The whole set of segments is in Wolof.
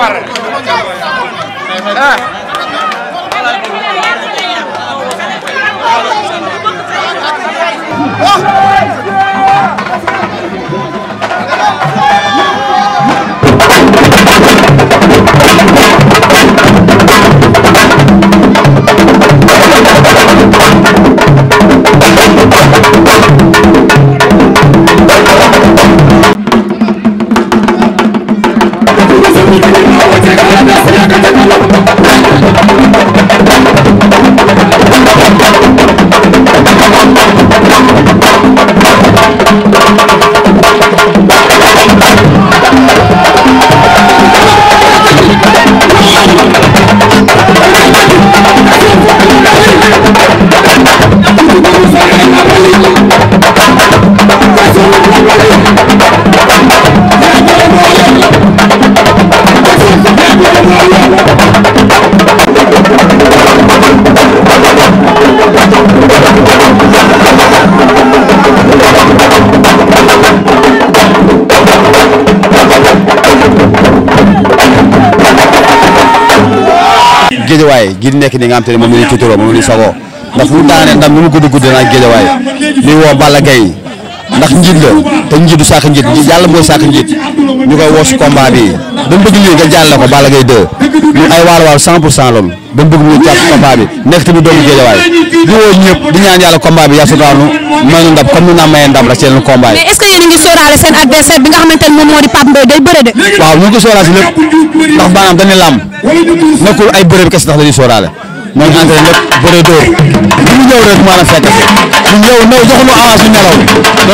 par ah géejawaay gi nekk ni nga xam te ne moom mu ñu tuturoo mo la ñu sagoo ndax mu daanee ndam lu mu gudd gudd naa géejawaay li woo Balla Gaye ndax njiit la te njiitu sàkk njiit yàlla mooy sàkk njiit ñu koy woo si combat bi dañ bëgg lii nga jàll ko Balla Gaye 2 ñu ay waar waar 100 pour cent loolu dañ bëgg mu jàpp combat bi nekk tamit doomu géejawaay di woo ñëpp di ñaan yàlla combat bi yàlla sutaanu que yéen a ngi sóoraale seen adversaire bi nga xamante ne moom moo di Pape Ndoye day bëre de. waaw ñu ngi ko sóoraale si lépp ndax maanaam dañuy làmb nekkul ay bëre bi kese ndax dañuy sóoraale mooy entraîné lépp bëre dóor bu ñu ñëw rek maanaam fekk si ñun yow naw joxuñu avance ñu mooy suñu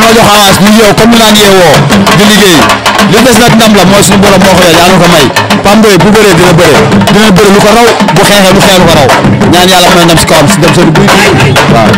borom moo ko yor yàlla ko may Pamboy bu bëree dina bëre dina bëre lu ko raw bu xeexee lu xeex lu ko yàlla may ndam si kawam si dem seen buy waaw.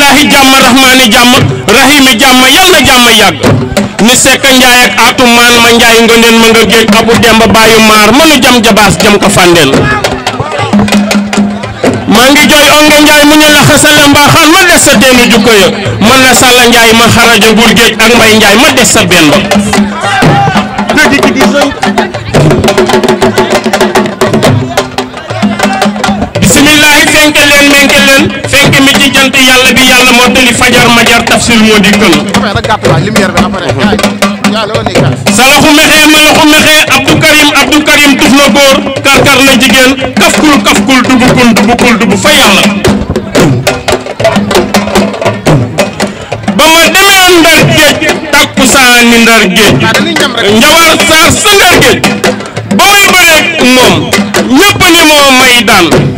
ilaahi jàmm rahmaani jàmm rahimi jàmm yàlla jàmm yàgg ni sekk njaay ak aatu maan ma njaay ngëndeen ma nga géej abu demba bàyyu maar mënu jam jabaas jam ko fàndeel maa ngi jooy ongo njaay mu ñu laxa sa lembaaxaan ma des sa teenu jukko ya man la sàlla njaay ma xaraja nguur géej ak mbay njaay ma des sa benn fenke leen menke leen yàlla bi yàlla moo tali fajar majar tafsir moo dikkal salaxu mexe malaxu mexe abdou karim abdou karim duf na góor karkar na jigéen fa ba ma demee ndar géej takku saa ni ndar géej njawar saar sa ndar géej ba may bëreeg moom ñëpp ni moo may daan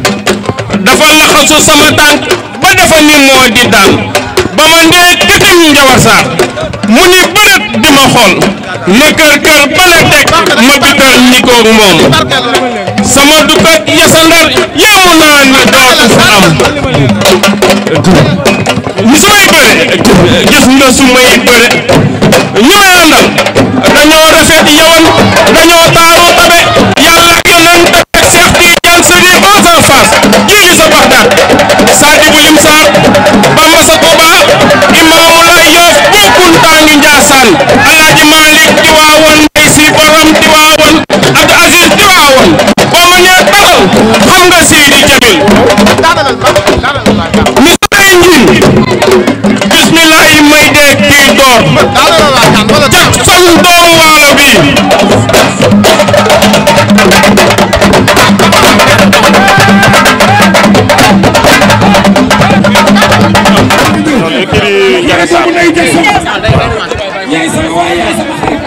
dafa laxasu sama tànk ba dafa ni moo di daan ba ma ndee këtëñ njawar mu ni bërët di ma xool ne kër kër bale teg ma bital ni koog moom sama dukkat ya sa ndar yaamu naa ni dootu fa am ni sumay bëre gis nga sumay bëre ñoo àndal dañoo rafet yawan dañoo taa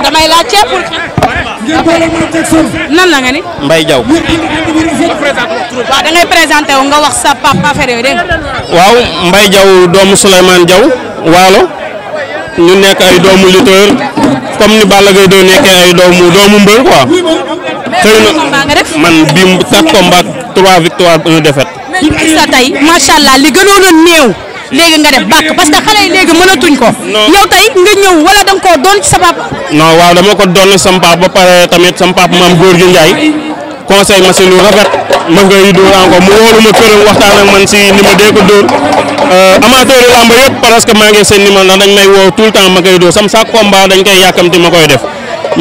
damay laaj ceeb pour. nan la nga ni. Mbaye Diaw. waaw da ngay présenté wu nga wax sa papa affaire yooyu dégg waaw Mbaye Diaw doomu Souleymane Diaw waalo ñu nekk ay doomu lutteur comme ni Balla Gaye doo nekkee ay doomu doomu mbër quoi. xëy na man bii 4 combats 3 victoires 1 défaite. mais li allah li gënoon a léegi nga def bàkk parce que xale yi léegi mënatuñ ko. yow tey nga ñëw wala da nga doon ci sa papa. non waaw dama ko doon sama papa ba pare tamit sama papa maam góor gi Ndiaye conseil ma lu ma ngay dóoraan ko mu wóolu ma këram waxtaan ak man si euh, maa ngi seen numéro ndax dañ may woo tout le temps ma koy dóor sam sa combat dañ koy yàkkamti ma koy def.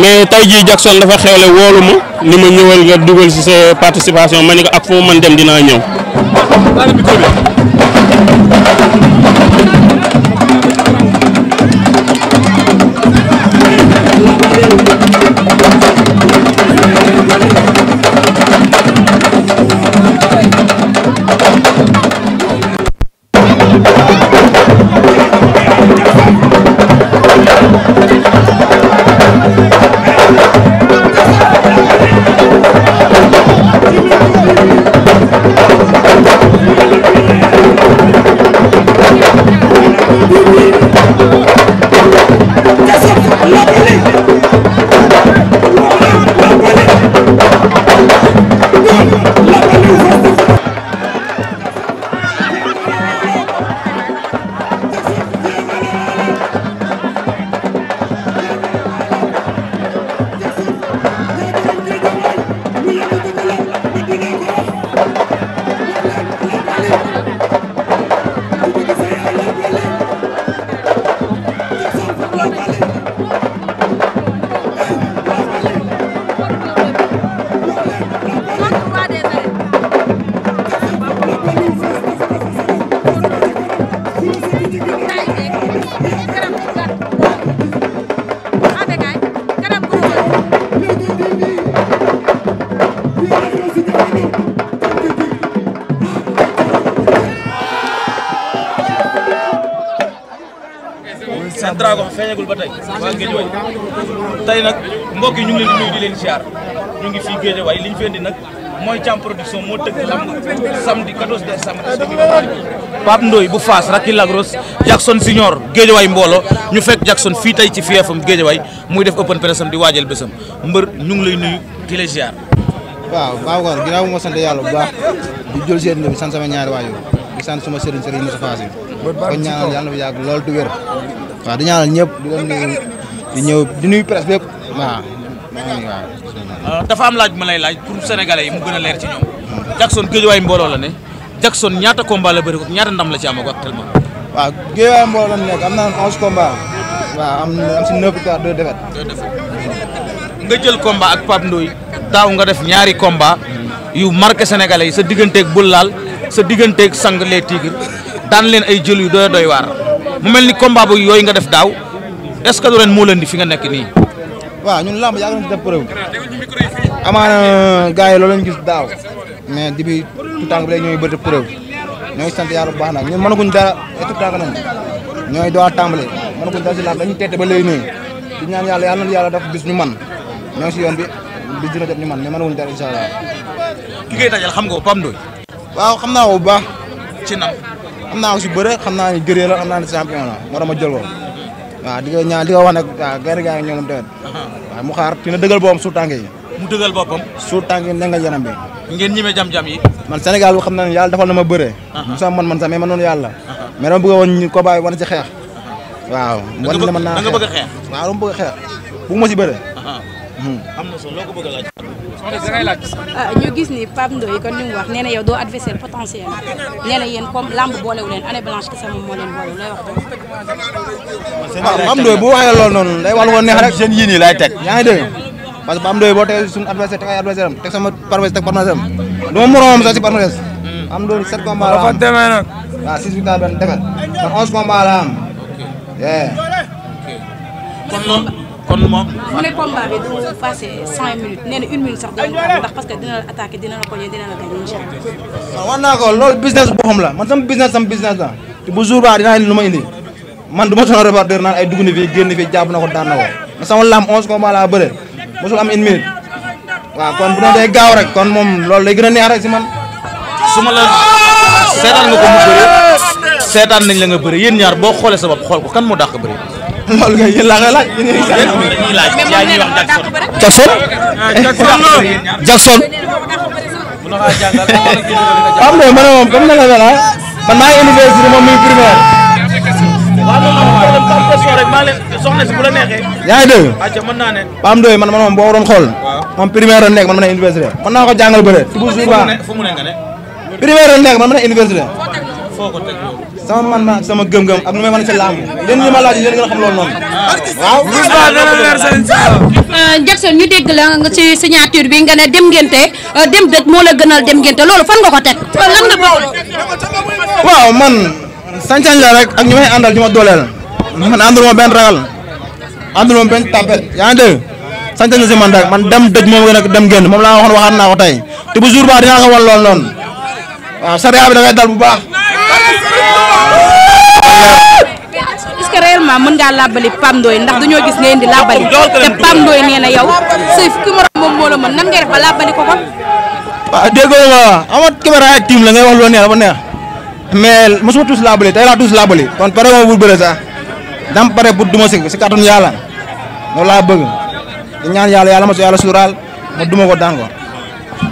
mais tey jii Jackson dafa xewle woolu ma ni ma ñëwal nga dugal si sa participation ma ni ko ak fu mu mën dem dinaa ñëw. Thank you. paregul ba tey waa géej way tey nag mbokk yi ñu ngi leen di nuyu di leen siyaar ñu ngi fii géej way liñ fi indi nag mooy cam production moo tëgg lamb samedi 14 décembre Pape Ndoye bu Fass Racky Lagros Jackson Senior Guédiawaye mbooloo ñu fekk Jackson fii tey ci fiefam Guédiawaye muy def open press di waajal bésam mbër ñu ngi lay nuyu di la ziar waaw Babacar ginnaaw ma sant yàlla bu baax di jël seen bi sant sama ñaari waajur di sant suma sëriñ sëriñ Moussa Fass yi ñaanal yàlla na fi yàgg du wér waaw di ñaanal ñëpp di leen nuyu di ñëw di nuyu presse bépp waaw dafa am ah, laaj ma lay laaj pour sénégalais yi mu gën a leer ci ñoom jackson géejuwaay mbooloo la ne jackson ñaata combat la bëri ko ñaata ndam la ci amago actuellement waaw géejuwaay mbooloo la nekk am na 11 combat waaw am am si 9 victoire 2 défaite nga jël combat ak Pape Ndoye daaw nga def ñaari combat yu marqué sénégalais yi sa digganteeg Boulal sa digganteeg sang les tigres daan leen ay jël yu doy doy waar mu melni combat bu yoy nga def daw est ce que du ren moo leen di fi nga nek ni wa ñun lamb ya nga def preuve amaana gars yi loolu lañ gis daw mais depuis tout temps lay ñoy ñooy bëri preuve ñoy sant yàlla bu baax nag ñun mënaguñ dara et tout temps nañ ñooy doon tàmbale mënaguñ dara ci lamb dañu tété ba lay nii di ñaan yalla yalla yalla daf gis ñu man ñoy ci yoon bi di dina jot ñu man mais mënaguñ dara inshallah ki ngay dajal xam nga pam Pape waaw xamna naa ko bu baax ci nam. xam naa ko si bëre xam naa ni gëree la xam naa ni champion la moo tax ma jël ko waaw di ko ñaan di ko wax nag gaa ngi ñoom tamit mu xaar dina dëggal boppam suur tànk yi mu dëggal boppam suur tànk yi nengal yaram bi ngeen ñime jam-jam yi man senegal bu xam na ne yàlla defal na ma bëre bu sama man man sax mais man noonu yàlla mais dama bëgg woon ñu combat bi wan ci xeex waaw wan na ma naa xeex waaw dama bëgg xeex bu ma si bëre am na solo loo ko bëgg a laaj. Ah, ñu gis ni Pape Ndoye kon ni mu wax nee na yow doo adversaire potentiel nee na yéen comme lamb boolewu leen année blanche kese moom moo leen boolewu lay wax. waaw Pape Ndoye bu waxee loolu noonu day wax lu ko neex rek seen yii nii lay teg yaa ngi dégg parce que Pape Ndoye boo tegee suñu adversaire teg ay adversaire am teg sama palmarès teg palmarès am du ma moroomam sax si palmarès am doon sept combats la am dafa demee nag waaw ah, six victoire benn défaite kon onze combats la am. kon kon moom. mu ne sax dinañ ko ndax parce que dina la attaqué dina la ko loolu business boo xam la man sama business sama business la te bu jour ba dinaa lu ma indi man du ma sonal reporter naan ay dugg na fii génn fii jàpp na ko daan na ko ma sama lam onze combat laa bëre mosul am une minute waaw kon bu doon day gaaw rek kon moom loolu day gën a neex rek si man. su ma la seetaan nga ko mu bëri seetaan nañ la nga bëri yéen ñaar boo xoolee sa xool ko kan moo dàq bëri. loolu nga yéen laa koy laaj. dañuy laaj yaa Jackson. Jackson. Jackson. xam nga moom comme ne la la man maa ngi moom muy primaire. waaw loolu maa leen soxna naa ne. PAM doy man man moom boo doon xool. moom primaire nekk man ma ne université. mën naa ko jàngal bëre. primaire nekk man ma ne sama man ma sama gëm-gëm ak nu may ci làmb leen li ma laaj nga xam waaw euh, Jackson ñu dégg la nga ci signature bi nga ne dem ngénte euh, dem dëj moo la gënal dem ngénte loolu fan nga ko teg lan nga waaw man sancañ la rek ak ñu may àndal ñu man àndul ma benn ragal àndul ma benn tapet la man man dem dëj moom gën dem ngénte moom laa waxoon waxaat naa ko tey te bu jour wal lool waaw da ngay dal bu baax est-ce que réellement pam doy ndax dañoo gis nga pam doy neena yow seuf ki mo mom mo la mën nan ngay def ba labali ko kon ah, dego nga amat caméra ak team la ngay wax lo neex ba neex no la bëgg di ñaan yalla yalla sural ma duma ko dango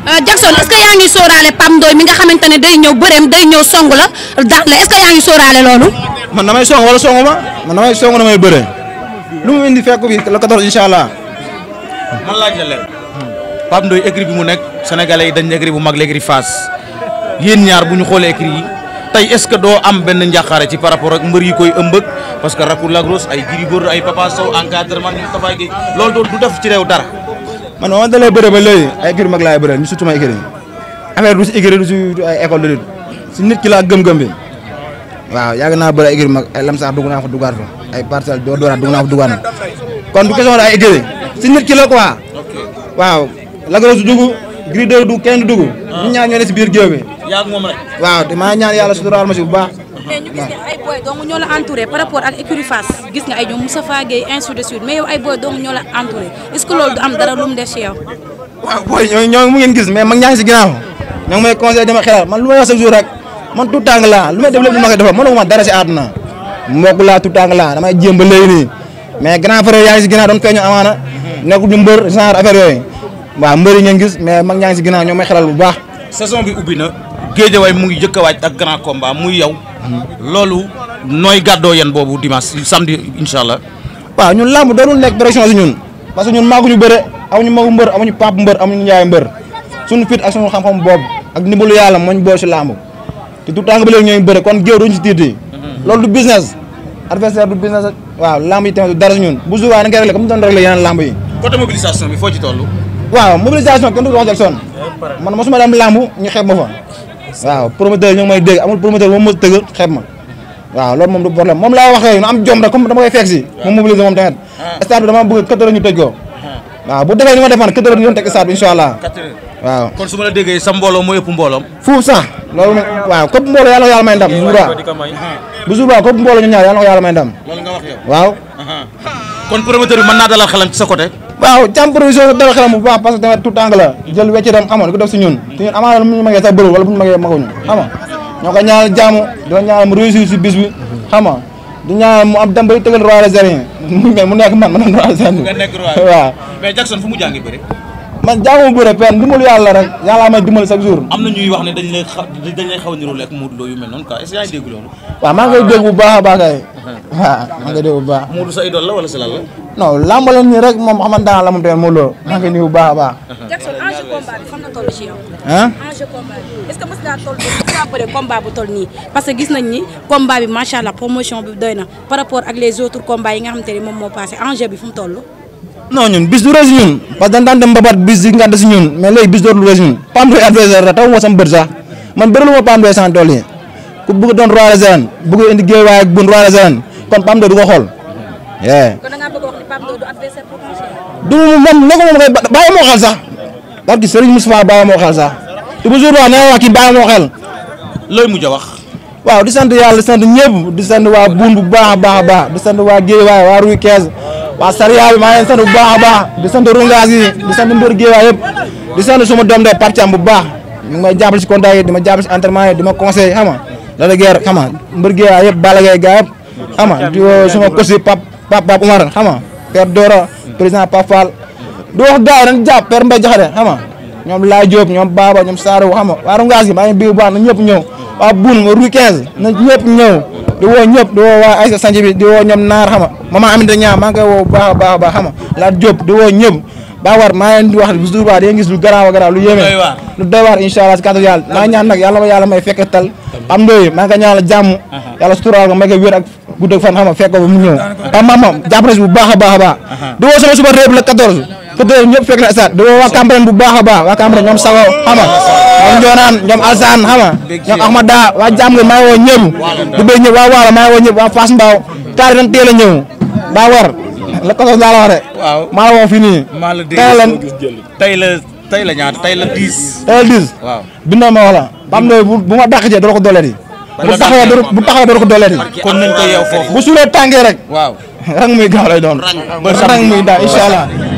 euh, Jackson est-ce que yaa ngi Pam Ndoy mi nga xamantane day ñëw bëreem day ñëw song la daan est-ce que man damay song wala songuma man damay song damay beure lu mu indi fekk bi le 14 inshallah man laaj la leen Pape Ndoye écrit bi mu nek sénégalais yi dañ écrit bu mag l'écrit face yeen ñaar buñu ñu écrit tay est ce do am ben njàqaare ci par rapport ak mbeur yi koy ëmbëg parce que Raku Lagros ay Gris Bordeaux ay Papa saw encadrement ni tabay gi loolu do du def ci rew dara man wa dalay beure ba lay ay écrit mag lay beure ñu sutuma écrit affaire du si écrit du ay école de lutte ci nit ki la gëm-gëm bi waaw yag na bari écurie mak ay lamsaar dugg naa fa dugar fa ay parcel do do dugg naa fa duggaat kon du question ay jere ci nit ki la quoi waaw lagros du dugu gris de du kenn dugu dugg ah. ñu ñoo ne ci biir geewé yag mom rek waaw dama ñaan yalla su dural ma ci bu baax mais ñu gis ay boy dong ñoo la entouré par rapport ak écurie gis nga ay ñoom Moustapha Gueye ainsi de suite mais yow ay boy dong ñoo la entouré est-ce que loolu du am dara lu mu def ci yow waaw boy ñoo ñoo mu ngeen gis mais mag ñoo may dama man lu may man tout tàng laa lu may def lépp lu ma koy defal mënuma a si àdduna mbokk laa tout tàng laa damay jéem ba léegi nii mais grand frère yaa ngi si ginnaaw doon feeñu amaana nekkul ñu mbër genre affaire yooyu waaw mbër yi ngis mais mag ñaa ngi si ginnaaw ñoo may xelal bu baax. saison bi ubbi na géejawaay mu ngi jëkk a waaj ak grand combat muy yow loolu nooy gàddoo yéen boobu dimanche samedi incha allah. waaw ñun làmb doonul nekk pression si ñun parce que ñun maaguñu bëre amuñu magu mbër am ñu mbër amuñu njaay mbër suñu fit ak suñu xam-xam boobu ak ndimbalu yàlla mooñ boo si te tout temps ba léegi ñooy bëre kon géew duñ si tiiti mhm. loolu du business adversaire du business waaw lamb yi tamit du dara ñun bu subaa na nga réglé comme doon réglé yeneen lamb yi côté mobilisation bi foo ci toll waaw mobilisation kenn du wax Jackson eh, man mosuma dem lamb ñu xeeb ma fa waaw promoteur ñu ngi may dégg amul promoteur moom ma tëgg xeeb ma waaw loolu moom du problème moom laa waxee nu am jom rek comme dama koy fekk moom mobiliser moom tamit ah. stade bi dama bëgg quatre heures ñu ah. waaw bu defee ni ma waaw kon su ma la déggee sa mbooloo fusa, wow, mbooloom fuuf sax loolu waaw képp mbooloo yàlla ko yang may ndam wow, bu joura képp mbooloo ñu ñaar yàlla ko yàlla may ndam loolu nga wax yow waaw kon promoteur bi mën naa dalal xelam ci sa côté waaw jàmm provision dalal xelam bu baax parce que tamit tout temps la jël wecce dem xamoon ko def si ñun te ñun amaana mu ñu magee sax bëri wala bu ñu magee maguñu xam nga mu réussir bis bi xam di mu am dem bay roi mu man waaw mais Jackson fu mu jàngi man jaamu bëre peen dimbalu yàlla rek yàlla may dimbal chaque jour. am na ñuy wax ne dañ lay xaw dañ lay xaw a niróo lekk Modou Lo yu mel noonu quoi est ce que yaa bu baax a baax kay. waaw maa ngi koy dégg bu baax. Uh-huh. sa idole la wala si lan la. non làmb la nii rek moom xamante ne la moom tamit Modou Lo maa ngi koy bu baax a baax. Uh-huh. Jackson bi fan la toll ci yow. enjeu combat bi est ce que mës ngaa toll mës ngaa nañ ni combat bi macha allah promotion bi doy na par rapport ak les autres combats yi nga xamante ne moom moo passé enjeu bi fu mu toll non ñun bis du res ñun ba dañ dañ dem babat bis nga dess ñun mais lay bis do res ñun pam lay adversaire da taw mo sam beursa man beurluma pam lay san tolli ku bëgg don roi réserve bëgg indi geew way ak bun roi réserve kon pam do du ko xol yeah kon da nga bëgg wax ni pam do du adversaire pour du mom nako mom ngay baye mo xal sax barki serigne mustafa baye mo xal sax du bu jour wa na wa ki baye mo xal loy mujja wax waaw di sante yalla sante ñepp di sante wa bun bu baax baax baax di sante wa geew way wa ruy 15 waa ya, ma maa ngi leen sant bu baax a baax di sant rungaas yi di sant mbir di sant suma de partiam bu baax ñu ngi may jàppale si yi di ma jàppale entraînement yi di ma conseil xam nga la la guerre xam nga mbir gi yëpp balagay gaa yëpp xam nga suma pap pap pap Umar xam père Dora président Pape Fall di wax gars yi dañ jàpp père Mbaye Jaxate xam nga ñoom Laay Diop ñoom Baba ñoom Saaro xam nga waa yi waa Boune ru 15 na ñepp ñew di wo ñepp di wo waa Aïssa Sanji bi di wo ñom nar xama mama Aminata Niang maa ngi koy woo ba ba a xama la job di wo ñepp ba war ma leen di wax bu jour de da ngeen gis lu garaaw a lu yeme lu doy war inshallah allah si kàttan yàlla ñaan nak yalla ma yalla may fekk tal am doy ma nga ñaan la jamm uh-huh. yalla sutural ko may ko wér ak gudd ak fan xama fekk ko ba mu ñew ba mama jàpp na bu baaxa baaxa ba a baax uh-huh. di woo sama suba reeb la 14 ko être ñepp fekk la stade di wo wa campagne bu baaxa a baax waa Cambérène ñoom sago xama ñoom Njonaan azan Alsaan xam nga ñoom Ahmada waa Jamgën maa ngi woo ñëpp du bëgg ñëpp waa Waalo maa ngi woo ñëpp waa Fass Mbao taari dañ teel a ñëw daa war la ko daa la wax de maa la woo fii nii tey la tey la tey la ñaata tey la 10 tey 10 waaw bindoo ma wax bam do bu ma dàq jee doo ko doole bu taxawee bu taxawee doo ko doole kon nañ ko yeew foofu bu suulee tàngee rek waaw rang muy gaaw lay doon rang muy daa incha allah